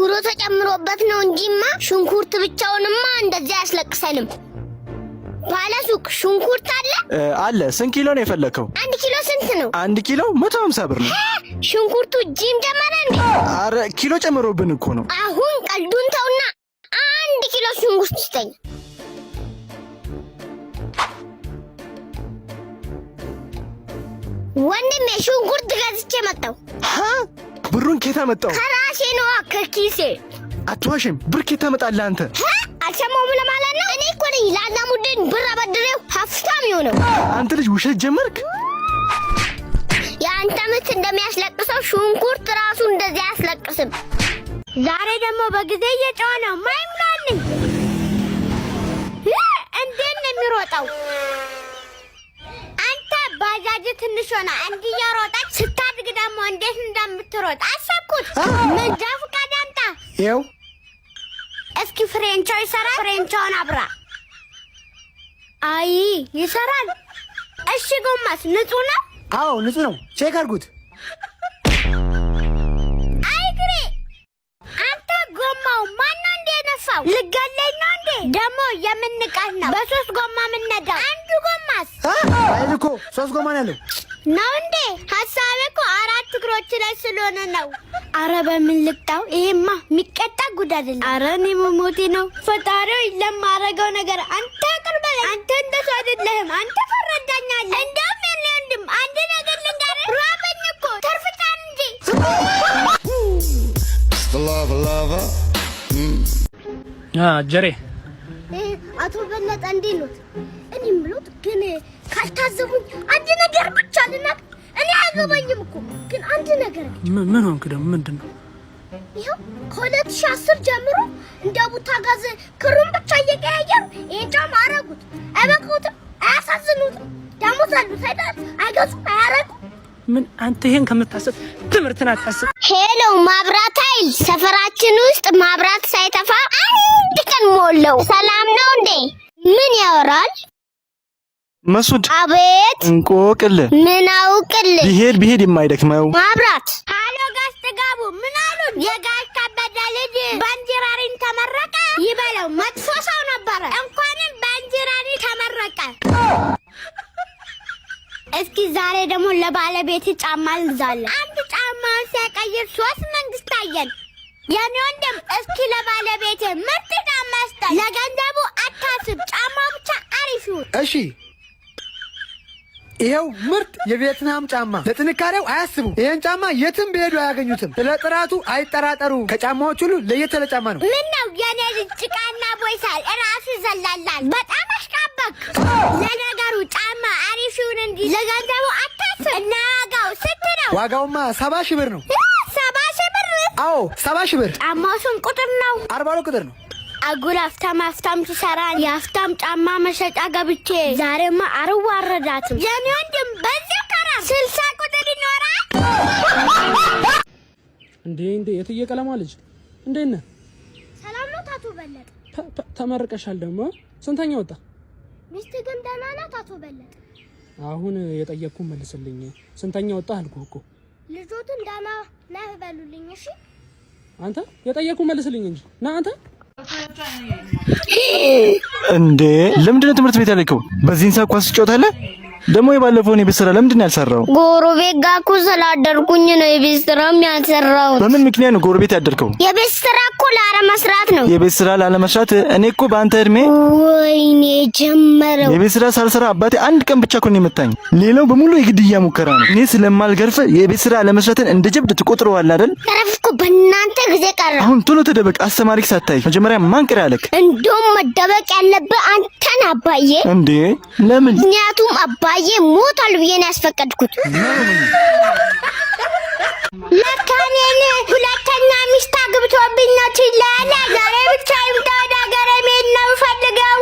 ጉጉሮ ተጨምሮበት ነው እንጂማ ሽንኩርት ብቻውንማ እንደዚህ አያስለቅሰንም። ባለ ሱቅ ሽንኩርት አለ አለ። ስንት ኪሎ ነው የፈለከው? አንድ ኪሎ ስንት ነው? አንድ ኪሎ መቶ ሀምሳ ብር ነው። ሽንኩርቱ እጅም ጀመረ እንዴ? አረ ኪሎ ጨምሮብን እኮ ነው። አሁን ቀልዱን ተውና አንድ ኪሎ ሽንኩርት ስጠኝ። ወንድሜ ሽንኩርት ገዝቼ መጣሁ። ብሩን ኬታ መጣው? ከራሴ ነዋ ከኪሴ። አትዋሽም። ብር ኬታ መጣለ አንተ አልሰማሁም ለማለት ነው። እኔ እኮ ነኝ ለአላሙዲን ብር አበድሬው ሀፍታም የሆነው። አንተ ልጅ ውሸት ጀመርክ። የአንተ ምት እንደሚያስለቅሰው ሽንኩርት ራሱ እንደዚህ አያስለቅስም። ዛሬ ደግሞ በጊዜ እየጮኸ ነው። ማይምላልኝ እንዴት ነው የሚሮጠው? አንተ ባጃጅ ትንሽ ሆና እንዲህ እየሮጠች ስታድግ ደግሞ እንደምትሮጥ አሰብኩት። መንጃ ፈቃድ አምጣ። ይኸው እስኪ ፍሬንቻው ይሰራል። ፍሬንቻውን አብራ። አይ ይሰራል። እሺ ጎማስ ንጹህ ነው? አዎ ንጹህ ነው። ቼክ አድርጉት። አይ ግሬ አንተ ጎማው ማነው እንዴ ነፋው? ልገለኝ ነው እንዴ? ደግሞ የምንቃት ነው። በሶስት ጎማ የምነዳው አንዱ ጎማ አይል እኮ ሶስት ጎማ ነው ነው እንዴ? ሀሳቤ እኮ አራት እግሮች ላይ ስለሆነ ነው። አረ በምን ልቅጣው? ይሄማ የሚቀጣ ጉድ አይደለም። አረ እኔ መሞቴ ነው። ፈጣሪው ለማረገው ነገር አንተ ቅርበ አንተ እንደሱ አይደለህም። አንተ ፈረዳኛለ። እንደውም የኔ ወንድም አንድ ነገር ልንገር፣ ራበኝ እኮ ተርፍታን እንጂ ጀሬ አቶ በለጠ እንዲህ ነው የምታዘቡኝ አንድ ነገር ብቻ ልናቅ። እኔ አያገባኝም እኮ ግን አንድ ነገር ምን ሆንክ ደግሞ? ምንድን ነው ይኸው ከሁለት ሺህ አስር ጀምሮ እንደ ቡታ ጋዝ ክሩን ብቻ እየቀያየሩ ይሄን ጫማ አረጉት። አይበቅሉትም፣ አያሳዝኑትም። ደሞዝ አሉት አይደል? አይገዙም፣ አያረጉም። ምን አንተ ይሄን ከምታስብ ትምህርትን አታስብ። ሄሎ ማብራት ኃይል ሰፈራችን ውስጥ ማብራት ሳይጠፋ አንድ ቀን ሞላው። ሰላም ነው እንዴ? ምን ያወራል? መሱድ አቤት። እንቆቅል ምን አውቅል ቢሄድ ብሄድ የማይደክመው ማብራት ሃሎ ጋሽ ጥጋቡ ምን አሉ የጋሽ ከበደ ልጅ ባንጅራሪን ተመረቀ ይበለው መጥፎ ሰው ነበረ። እንኳንም ባንዲራሪ ተመረቀ። እስኪ ዛሬ ደግሞ ለባለቤት ጫማ እንግዛለን። አንድ ጫማን ሲያቀይር ሶስት መንግስት አየን። የኔ ወንድም እስኪ ለባለቤት ምርጥ ጫማ ስጠኝ። ለገንዘቡ አታስብ፣ ጫማው ብቻ አሪፍ ይሁን። እሺ ይኸው ምርጥ የቪየትናም ጫማ ለጥንካሬው አያስቡ። ይህን ጫማ የትም ብሄዱ አያገኙትም። ስለ ጥራቱ አይጠራጠሩ። ከጫማዎች ሁሉ ለየት ያለ ጫማ ነው። ምን ነው የኔ ልጅ ጭቃና ቦይሳል ራሱ ዘላላል በጣም አሽቃበክ። ለነገሩ ጫማ አሪፍ ይሁን እንጂ ለገንዘቡ አታስብ እና ዋጋው ስንት ነው? ዋጋውማ ሰባ ሺህ ብር ነው። ሰባ ሺህ ብር? አዎ ሰባ ሺህ ብር። ጫማው ስንት ቁጥር ነው? አርባ ሁለት ቁጥር ነው። አጉል አፍታም አፍታም ሲሰራ የአፍታም ጫማ መሸጫ ገብቼ ዛሬማ አልዋረዳትም። የኔ ወንድም በዚህ ከራ ስልሳ ቁጥር ይኖራል። እንዴ እንዴ! የትዬ ቀለማ ልጅ እንዴት ነህ? ሰላም ነው ታቶ በለጠ። ተመርቀሻል ደግሞ ስንተኛ ወጣ? ሚስት ግን ደህና ናት አቶ በለጠ? አሁን የጠየቅኩ መልስልኝ። ስንተኛ ወጣ አልኩህ እኮ። ልጆቱን ደህና ነህ በሉልኝ። እሺ አንተ የጠየቅኩ መልስልኝ እንጂ ና አንተ እንዴ ለምንድነው ትምህርት ቤት ያለከው? በዚህን ሰዓት ኳስ ትጫወታለህ? ደግሞ የባለፈውን የቤት ስራ ለምንድን ነው ያልሰራው? ጎረቤት ጋር እኮ ስላደርኩኝ ነው የቤት ስራ ያልሰራው። በምን ምክንያት ነው ጎረቤት ያደርከው? የቤት ስራ እኮ ላለመስራት ነው። የቤት ስራ ላለመስራት? እኔ እኮ በአንተ እድሜ ወይኔ ጀመረው። የቤት ስራ ሳልሰራ አባቴ አንድ ቀን ብቻ እኮ ነው የመታኝ። ሌላው በሙሉ የግድያ ሙከራ ነው። እኔ ስለማልገርፍ የቤት ስራ አለመስራትን እንደ ጀብድ ትቆጥረዋል አይደል? ረፍኩ በእናንተ ጊዜ ቀረ። አሁን ቶሎ ተደበቅ፣ አስተማሪክ ሳታይ። መጀመሪያ ማንቅር አለክ። ያለክ? እንደውም መደበቅ ያለብህ አንተን አባዬ። እንዴ? ለምን? ምክንያቱም አባ ቡራዬ ሞቷል ብዬ ነው ያስፈቀድኩት። መካኔን ሁለተኛ ሚስት አግብቶብኝ ነው ትላለ። ዛሬ ብቻ ይምጣ ወደ ሀገሬ መሄድ ነው የምፈልገው።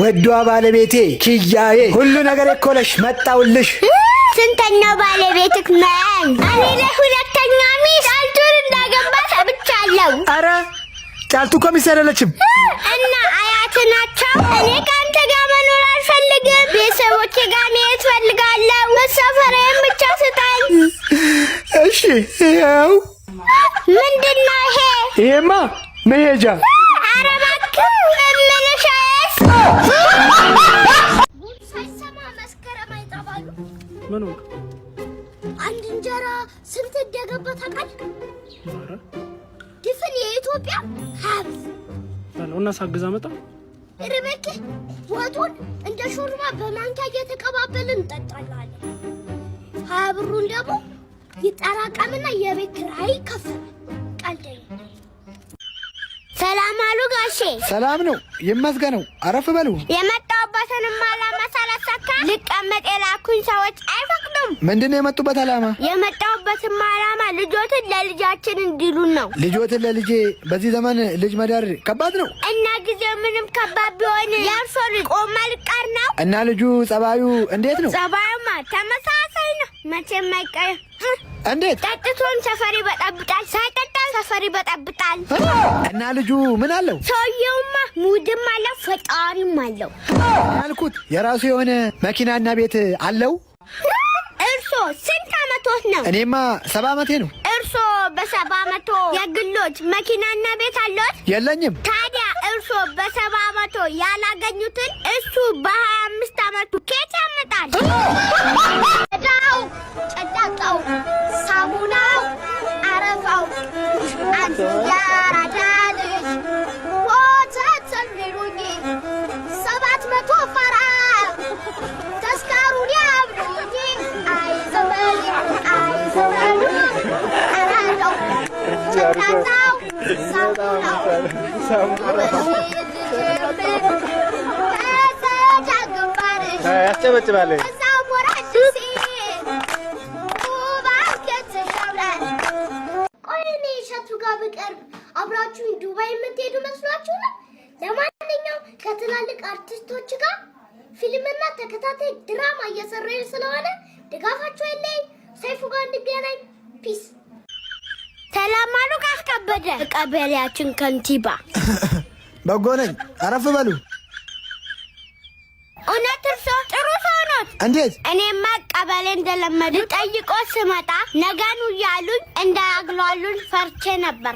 ወዷ ባለቤቴ ኪያዬ፣ ሁሉ ነገር እኮ መጣውልሽ። ስንተኛው ባለቤትክ መን? እኔ ለሁለተኛ ሚስት ጫልቱን እንዳገባ ሰብቻለሁ። አረ ጫልቱ እኮ ሚስት አይደለችም እና አያት ናቸው። እኔ ከአንተ ጋር ቤተሰቦቼ ጋር መሄድ እፈልጋለሁ። መሳፈሪያዬን ብቻ ስጠኝ። እሺ። ያው ምንድን ነው ይሄ? ይሄማ መሄጃ። ኧረ እባክህ እምልሻዬስ ሳይሰማ መስከረም ምን ሆንክ? አንድ እንጀራ ስንት እንደገባ ታውቃለህ? ድፍን የኢትዮጵያ ሀብት እና ሳግዛ መጣ ርበቄ ወጡን እንደ ሾርባ በማንኪያ እየተቀባበልን እንጠጣላለን። ሀያ ብሩን ደግሞ ይጠራቀምና የቤት ኪራይ ይከፈል። ቀልደኝ ሰላም አሉ ጋሼ። ሰላም ነው ይመስገነው። አረፍ በሉ። የመጣሁበትንም ዓላማ ሳላሳካ ልቀመጥ የላኩኝ ሰዎች አይፈቅዱም። ምንድን ነው የመጡበት ዓላማ? የመጣሁ የምንኖርበትም ዓላማ ልጆትን ለልጃችን እንዲሉን ነው። ልጆትን ለልጄ በዚህ ዘመን ልጅ መዳር ከባድ ነው እና ጊዜው ምንም ከባድ ቢሆን ያርሶ ቆማ ልቀር ነው እና ልጁ ጸባዩ እንዴት ነው? ጸባዩማ ተመሳሳይ ነው መቼም አይቀርም። እንዴት ጠጥቶም ሰፈር ይበጠብጣል፣ ሳይጠጣ ሰፈር ይበጠብጣል። እና ልጁ ምን አለው? ሰውየውማ ሙድም አለው ፈጣሪም አለው። ያልኩት የራሱ የሆነ መኪናና ቤት አለው። እርሶ ስንት አመቶት ነው? እኔማ ሰባ ዓመቴ ነው። እርሶ በሰባ ዓመቶ የግሎች መኪናና ቤት አለዎት? የለኝም። ታዲያ እርሶ በሰባ ዓመቶ ያላገኙትን እሱ በሀያ አምስት አመቱ ኬት ያመጣል? ዳው ጨዳጣው፣ ሳሙናው፣ አረፋው አንዱ ያራዳ ልጅ ወተት ሰባት መቶ ፈራ ቁጭ በል እሸቱ ጋር ብቀርብ አብራችሁኝ ዱባይ የምትሄዱ መስሏችሁ ነው። ለማንኛውም ከትላልቅ አርቲስቶች ጋር ፊልምና ተከታታይ ድራማ እየሰራ ስለሆነ ድጋፋችሁ የለኝ። ሰይፉ ጋር እንገናኝ። ፒስ። ሰላም አሉ። ካስከበደ ቀበሌያችን ከንቲባ በጎነኝ። አረፍ በሉ። እንዴት እኔማ ቀበሌ እንደለመዱ ጠይቆ ስመጣ ነገኑ እያሉኝ እንዳያግሏሉን ፈርቼ ነበር።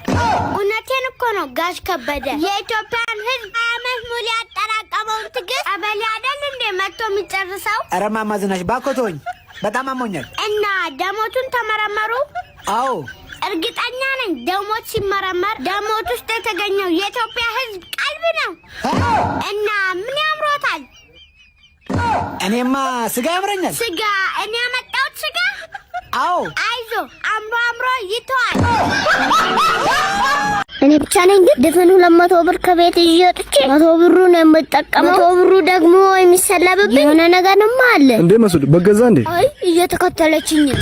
እውነቴን እኮ ነው ጋሽ ከበደ የኢትዮጵያን ሕዝብ አመት ሙሉ ያጠራቀመውን ትግስት ቀበሌ አይደል እንዴ መጥቶ የሚጨርሰው? ኧረ እማማ ዝናሽ ባኮቶኝ በጣም አሞኛል። እና ደሞቱን ተመረመሩ? አዎ እርግጠኛ ነኝ። ደሞት ሲመረመር ደሞት ውስጥ የተገኘው የኢትዮጵያ ሕዝብ ቀልብ ነው እና ምን እኔማ ስጋ ያምረኛል። ስጋ እኔ ያመጣሁት ስጋ። አዎ አይዞ አምሮ አምሮ ይተዋል። እኔ ብቻ ነኝ ግን ድፍን ሁለት መቶ ብር ከቤት ይዤ ወጥቼ መቶ ብሩ ነው የምጠቀመው። መቶ ብሩ ደግሞ የሚሰለብብኝ የሆነ ነገርማ አለ እንዴ መስሉ በገዛ እንዴ አይ እየተከተለችኝ ነው።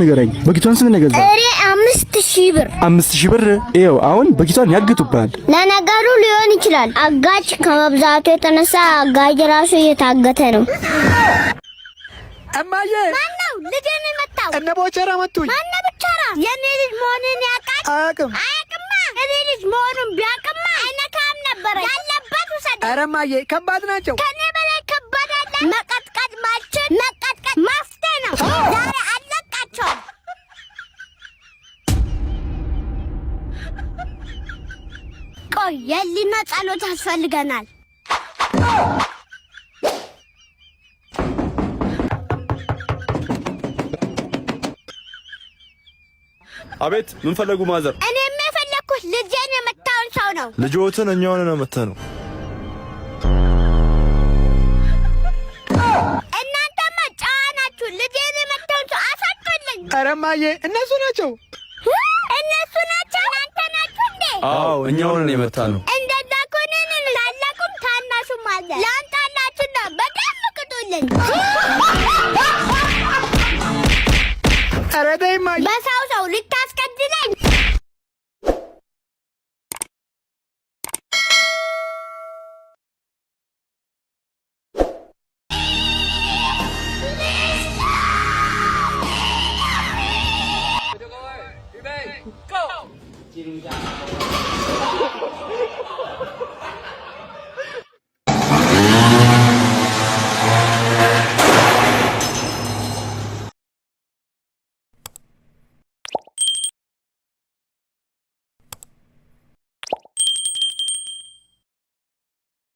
ንገረኝ በኪቷን ስንት ነገዛ? እሬ አምስት ሺህ ብር አምስት ሺህ ብር ይኸው አሁን በኪቷን ያግቱብሃል። ለነገሩ ሊሆን ይችላል አጋጭ ከመብዛቱ የተነሳ አጋጅ ራሱ እየታገተ ነው። እማዬ ማነው ልጅ መታው? እነ ቦቸራ መቱኝ። ማነው ብቻራ የኔ ልጅ መሆንን ያውቃል አያውቅም? እኔ ልጅ መሆኑን ቢያቅማ አይነካም ነበረ። ያለበት ውሰድ። ኧረ እማዬ ከባድ ናቸው። ከኔ በላይ ከባድ አለ። መቀጥቀጥ ማልችል መቀጥቀጥ መፍትሄ ነው። ዛሬ አለቃቸው። ቆይ የሊና ጸሎት ያስፈልገናል። አቤት ምን ፈለጉ ማዘር? እኔ ልጄን የመታውን ሰው ነው። ልጆትን እኛውን ነው መተ ነው። እናንተማ ጨዋ ናችሁ። ልጄን የመታውን ሰው አሳቶልኝ። ኧረ እማዬ እነሱ ናቸው እነሱ ናቸው። እናንተ ናችሁ እንዴ? አዎ እኛውን ነው የመታ ነው። እንደዛ ኮንን ታላቁም ታናሹም አለ። ላንጣላችሁና በጣም ቅጡልኝ። ኧረ ተይ እማዬ በሰው ሰው ልታ